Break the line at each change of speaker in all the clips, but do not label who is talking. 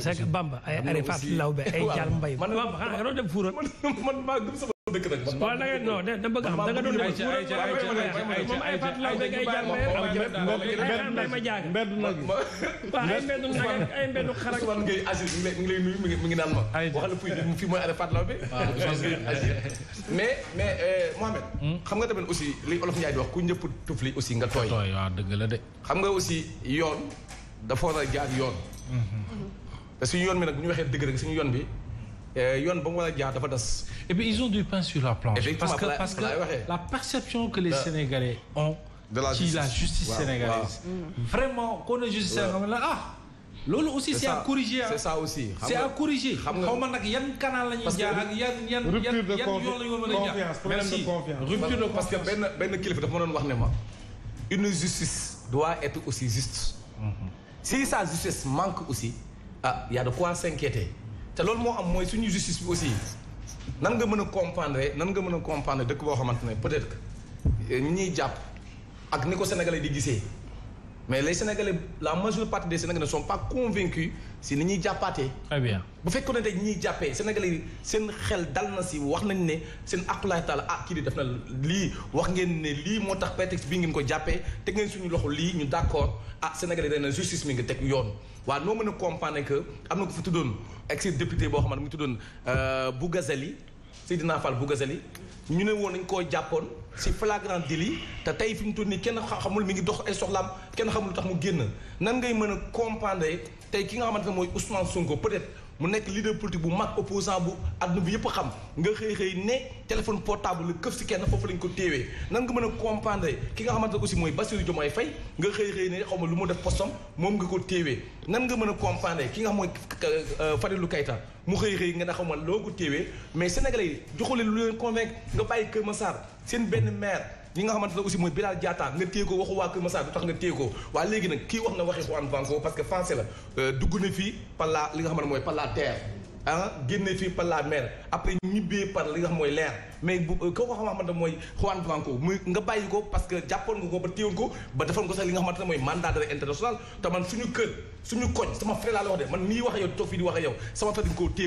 c'est que Bamba ay ari Fass Lawbe ay Jaal Mbay man Bamba xanaa nga
doon dem fuural man maa gëm sama dëkk nag waaw da bëgg xam da nga doon dem ay Fass Lawbe ay Jaal Mbay mbay ma jaag mbedd nag waaw ma waxal fuy mooy ari Fass Lawbe mais mais Mohamed xam nga tamit aussi li Olof Njaay di wax ku ñëpp tufli aussi nga tooy waaw dëgg la de xam nga aussi yoon dafa a jaar yoon suñu yoon bi nag bu ñu waxee dëgg rek suñu yoon bi eh, yoon ba mu war jaar dafa das. et puis ont du pain sur la planche. parce que parce que la perception que les Sénégalais ont. la justice ci la justice sénégalaise. Mm. vraiment qu'on a justice sénégalaise la ah. loolu aussi c'est à corriger c'est ça aussi c'est à corriger xaw ma yan canal la jaar yan yan yan la ñu mën a jaar merci rupture de confiance parce que benn benn kilifa dafa wax ne ma une justice doit être aussi juste mm-hmm. si sa justice manque aussi ah y a de quoi s'inquiéter te loolu moo am mooy suñu justice bi aussi nan nga mën a comprendre nan nga mën a comprendre dëkk boo xamante ne peut-être que eh, ñi ñuy jàpp ak ni ko sénégalais di gisee mais les sénégalais la majeure partie des sénégalais ne sont pas convaincus si ni ñuy jàppaatee. très bu fekkoon ne tey ñi ñuy jàppee Sénégalais yi seen xel dal na si wax nañ ne seen aqulaay taala ah kii di def na lii wax ngeen ne lii moo tax prétexte bii ngeen ko jàppee teg ngeen suñu loxo lii ñu d' accord ah Sénégalais yi dañ na justice mi nga teg yoon. waa noo mën a comprendre que am na ko fi tuddoon ex député boo xam ne mu ngi tuddoon euh, Bougazali Seydina Fall Bougazali ñu ne woon nañ koo jàppoon si flagrant délit te tey fi mu toll nii kenn xamul mi ngi dox ay soxlaam kenn xamul lu tax mu génn nan ngay mën a comprendre tey ki nga xamante ne mooy Ousmane Sonko peut-être mu nekk leader politique bu mag opposant bu àdduna bi yëpp xam nga xëy xëy ne téléphone portable la këf si kenn foofu lañ ko téewee nan nga mën a comprendre ki nga xamante aussi mooy Bassirou Diomaye Faye nga xëy xëy ne xam ma lu mu def postom moom nga ko téewee nan nga mën a comprendre ki nga xam mooy euh, Fadilou Keita mu xëy xëy nga ne xaw ma loo ko téewee mais sénégalais yi lu leen convaincre nga bàyyi Kër Massar seen benn maire ñi nga xamante ne aussi mooy Bilal Diatta nga téye ko waxu waa Kër Massar du tax nga téye ko waa léegi nag kii wax na waxi Juan Branco parce que français la euh, dugg na fii par li nga xamante mooy par la ah génne fii par la mer après ñibbee par li nga xam mooy leer mais bu ko euh, ko xamante mooy Juan Branco muy nga bàyyi ko parce que jàppoon nga ko ba téyoon ko ba defoon ko sax nga xamante mooy mandat d'arrêt international te man suñu kër suñu koñ sama frère wax de man nii wax yow toog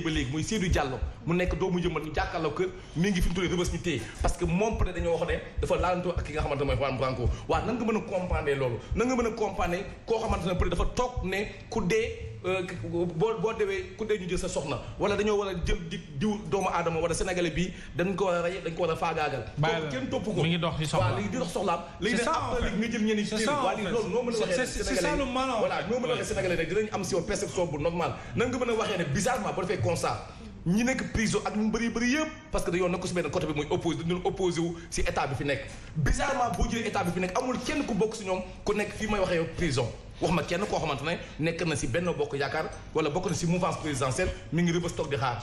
ba léegi muy Seydou Diallo mu nekk doomu jëmbat ñu jàkkaarloo kër mi ngi fi mu tuddee rëbës ñu téye parce que moom peut-être dañoo wax ne dafa laalantoo ak ki nga xamante mooy Juan Branco waaw nan mën a comprendre loolu nan nga mën a comprendre koo xamante ne peut-être dafa toog ne ku dee Euh, boo boo dewee ku dee ñu jël sa soxna wala dañoo war a jël di doomu aadama wala sénégalais bi dañ ko war a rey dañ ko war a faagaagal kooku kenn topp ko mi ngi dox ci soxla waaw léegi di dox soxlaam léegi ne après léegi nga jël ñenn ci waa léegi a waxee am si yow perception normal nan mën a waxee ne bizarrement boo defee constat ñi nekk prison ak ñu bëri bëri yëpp parce que dañoo nekk si benn côté bi muy oppose dañu opposé wu si état bi fi nekk bizarrement boo jëlee état bi fi nekk amul kenn ku bokk si ñoom ku fii may waxee yow wax ma kenn koo xamante ne nekk na si benn bokk yaakaar wala bokk na si mouvance présidentielle mi ngi rëbës toog di xaar.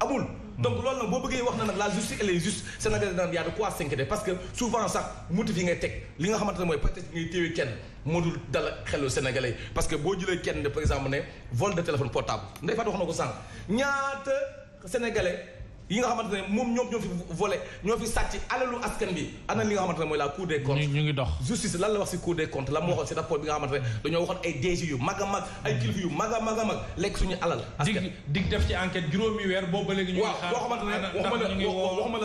amul. donc loolu nag boo bëggee wax na nag la justice elle est juste Sénégal daan y de quoi s'inquiéter parce que souvent sax motif yi ngay teg li nga xamante ne mooy peut-être ngay téewee kenn moo dul dala xelu sénégalais yi parce que boo jëlee kenn par exemple ne vol de téléphone portable Ndeye Fatou wax na ko sànq ñaata sénégalais. yi nga xamante moom ñoo fi volé ñoo fi sàcc alalu askan bi ana li nga xamante mooy la cour des comptes ngi dox justice lan la wax si cour des comptes la mu waxoon si rapport bi nga xamante ne dañoo waxoon ay DG yu mag a mag ay kilifa yu mag a mag a mag lekk suñu alal askan dig def ci enquête juróomi weer loo xamante ne waxuma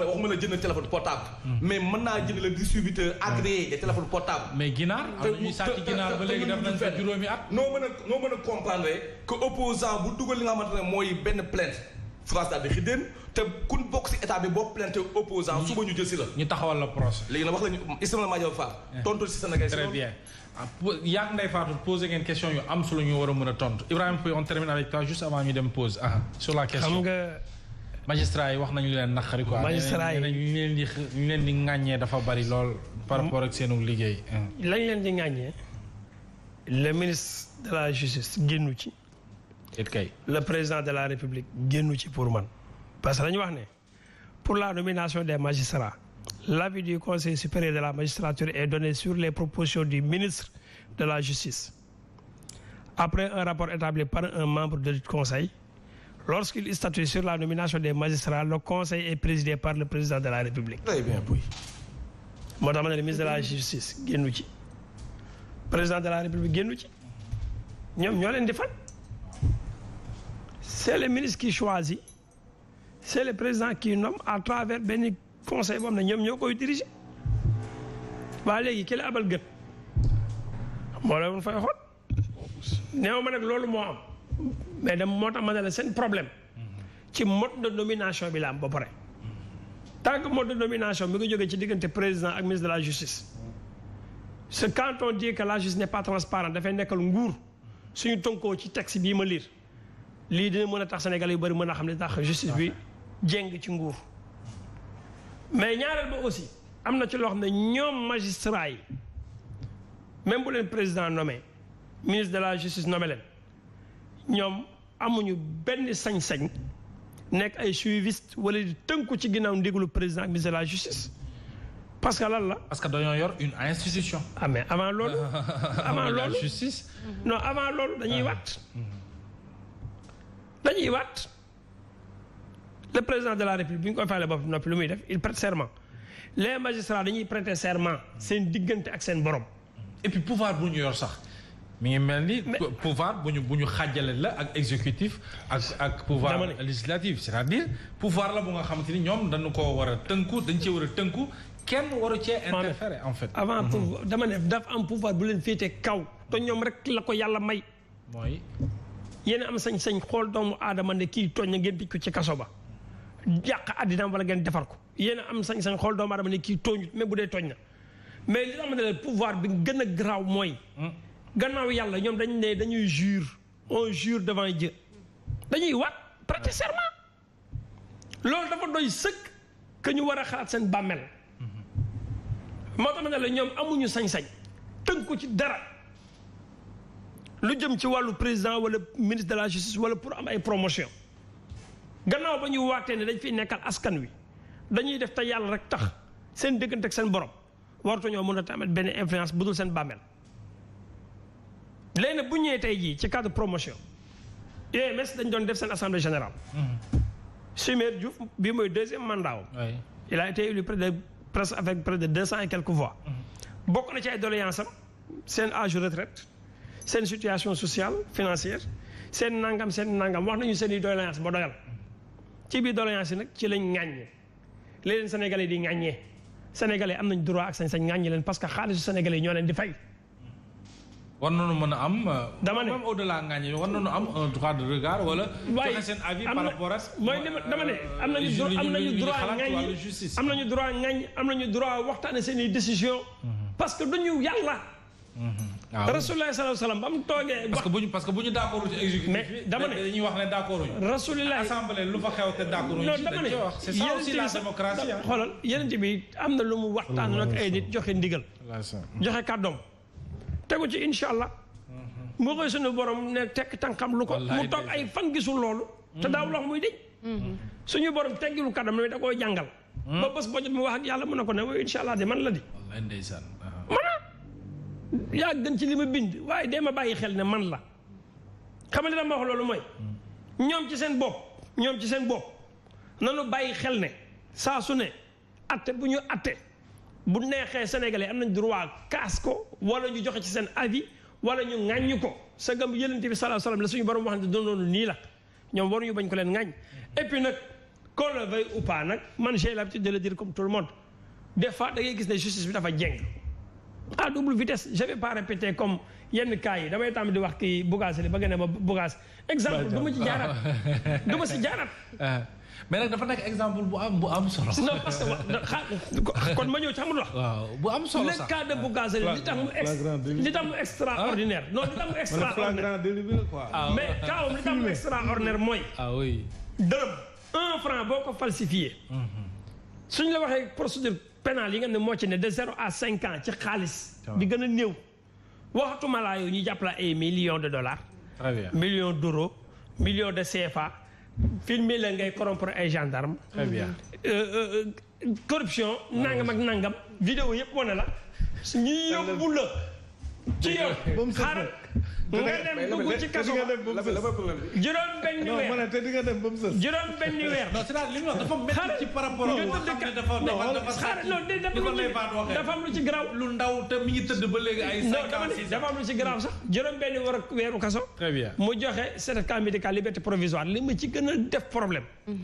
la loo téléphone portable hmm. mais mën naa jënd le distributeur hmm. agréé des téléphones portables mais ginaar ñu sàcc ginaar ba léegi def nañ ko juróomi at noo mën a noo mën a comprendre que opposant bu dugal li nga xamante ne mooy benn plainte France daal di xiddeen te kun bokk si état bi boo plainte opposant suba ñu jël si la. ñu taxawal la procès. léegi nag wax lañu Ismaïla Madior Fall. Eh. tontu si Sénégal si très bien ah, yaag Ndeye Fatou posé ngeen question yu am solo ñu war a mën a tontu Ibrahima Pouye on termine avec toi juste avant ñu dem pause ah sur la question. xam nga magistrat yi wax nañu leen naqari quoi. magistrat yi ñu leen di ñu leen dafa bari lool. par mm. rapport ak seenu liggéey.
lañ leen di ŋàññee le ministre de la justice génnu ci. le président de la république génnu ci pour man parce que dañu wax ne pour la nomination des magistrats l'avis du conseil supérieur de la magistrature est donné sur les propositions du ministre de la justice après un rapport établi par un membre de conseil lorsqu'il statue sur la nomination des magistrats le conseil est présidé par le président de la république très bien Pouy moo tax ma ne le ministre de la justice génu ci président de la république génnu ci ñoom c'est le ministre qui choisit c'est le président qui nomme à travers benn conseil boo na ne ñoom ñoo koy diriger waa léegi ki abal gët moo la woon fay xool néew ma nag loolu moo am mais dem moo tax ma ne la seen problème ci mode de nomination bi la am ba pare tant que mode de nomination bi ngi jógee ci diggante président ak ministre de la justice ce quand on dit la justice n'est pas transparente dafay nekkal nguur suñu tënkoo ci texte bii ma liir lii dina mën a tax Sénégal yu bari mën a xam ne tax justice bi jéng ci nguur mais ñaareel ba aussi am na ci loo xam ne ñoom magistrat yi même bu président nommé ministre de la justice nommé leen ñoom amuñu benn sañ-sañ nekk ay suiviste wala di tënku ci ginnaaw ndigalu président ak ministre de la justice parce que lan la. parce que dañoo yor une institution. ah mais avant lool avant loolu la justice. non dañuy ah. waat. Mm-hmm. dañuy waat le président de la république bi ñu koy faale bopp noppi lu muy def il prête serment les magistrats dañuy prêter serment seen diggante ak seen borom.
et puis pouvoir bu ñu yor sax. mu ngi mel ni pouvoir bu ñu bu ñu xàjjale la ak exécutif ak ak pouvoir législatif c'est-à-dire pouvoir la bu nga xam xamante ni ñoom dañu koo war a tënku dañ cee war a tënku kenn waru cee interférer en fait avant mhm. dama ne
daf am pouvoir bu leen féetee kaw te ñoom rek la ko yàlla may mooy yéen am sañ-sañ xool doomu aadama ne kii tooñ na ngeen tëj ko ci kaso ba yàq addinaam wala ngeen defar ko yéen am sañ-sañ xool doomu aadama ne kii tooñ même bu dee tooñ na mais li nga xamante ne pouvoir bi gën a garaaw mooy. gannaaw yàlla ñoom dañ ne dañuy jure on jure devant Dieu dañuy waat prêter loolu dafa doy sëkk que ñu war a xalaat seen bàmmeel moo tax ne la ñoom amuñu sañ-sañ ko ci dara. lu jëm ci wàllu président wala ministre de la justice wala pour am ay promotion gannaaw ba ñuy waatee ne dañ fiy nekkal askan wi dañuy def te yàlla rek tax seen dëggante ak seen borom waratu ñoo mën a amat benn influence bu dul seen bàmmeel léegi nag bu ñëwee tey jii ci cadre promotion UMS e dañ doon def seen assemblée générale. Chimère Diouf bii mooy deuxième mandat am. il a été élu près de presque avec près de deux cent et quelques voix. Mm-hmm. bokk na ci ay doléances seen âge retraite seen situation sociale financière seen nangam seen nangam wax nañu seen i doléance ba doyal ci biir doléance yi nag ci lañ ŋàññe li leen sénégalais di ŋàññee senegale am nañ droit ak sañ-sañ leen parce que xaalisu sénégalais ñoo leen
di fay. war nañu mën a am. Euh, dama ne même au delà ŋàññe war nañu am un droit de regard wala. seen avis par rapport ak. mooy euh, dama ne am nañu droit
am nañu droit ŋàññi am nañu droit ŋàññi am nañu droit seen i décision mhm. parce que duñu yàlla.
Mm-hmm. waaw rasulilah salaahu salaam ba mu toogee. parce parce que bu ñu d' accord dama ne dañuy wax ne d' accord ñu. rasulilah assemblée lu fa xew te d' accord dama ne c'
est bi am na lu mu waxtaan ak ay nit joxe ndigal. joxe kàddoom. tegu ci incha allah. Mm-hmm. moo suñu borom ne tekk tànkam lu ko. mu toog ay fan gisul loolu. te daa lox muy dëj. Mm-hmm. suñu borom teggilu kàddoom da koy jàngal. ba bés boo jot mu wax ak yàlla mën na ko ne incha allah de man la di.
wallaay ndeysaan
yaa gën ci li ma bind waaye dee ma bàyyi xel ne man la xam li dama wax loolu mooy ñoom ci seen bopp ñoom ci seen bopp nanu bàyyi xel ne saa su ne atte bu ñu atte bu neexee sénégalais am nañ droit kaas ko wala ñu joxe ci seen avis wala ñu ŋàññ ko sa gëm yëlante bi salaa salaam la suñu borom wax ne doon nii la ñoom waruñu bañ ko leen ŋàññ et puis nag qu'on le veuille nag man j'ai l'habitude de le dire comme tout le monde des fois da ngay gis ne justice bi dafa jeng à double vitesse je vais pas répéter comme yenn cas yi damay tàmm di wax kii bugaas li ba nga ne ma bugaas exemple du ma ci jaaraat
du ma si jaaraat ah. mais nag dafa nekk exemple bu am bu am solo. non parce que kon ma ñëw ci xamul wax. waaw bu am solo sax le cas de Bougazelli li tax mu. li tax mu extraordinaire. non li tax mu extraordinaire ah, mais cas li tax mu
extraordinaire mooy. ah oui dërëm un franc boo ko falsifié. Mhm. suñ la waxee procédure. pénal yi nga ne moo ci ne de zéro à cinq ans ci xaalis. di gën a néew. waxatuma laa yow jàpp la ay millions de dollars. très bien millions d' euros millions de CFA. filmer la ngay corrompre ay gendarme très bien. Euh, euh, euh, corruption nangam ak nangam. vidéo yëpp wane la. ñu yóbbu la. ci yow
nga dem dugg mu ci
par rapport dafa dafa am lu ci garaaw lu ndaw te mi ngi tëdd ba léegi ay dafa am ci garaaw sax juróom benni weer weeru kaso mu joxe certificat médical liberté provisoire li ma ci gën a def problème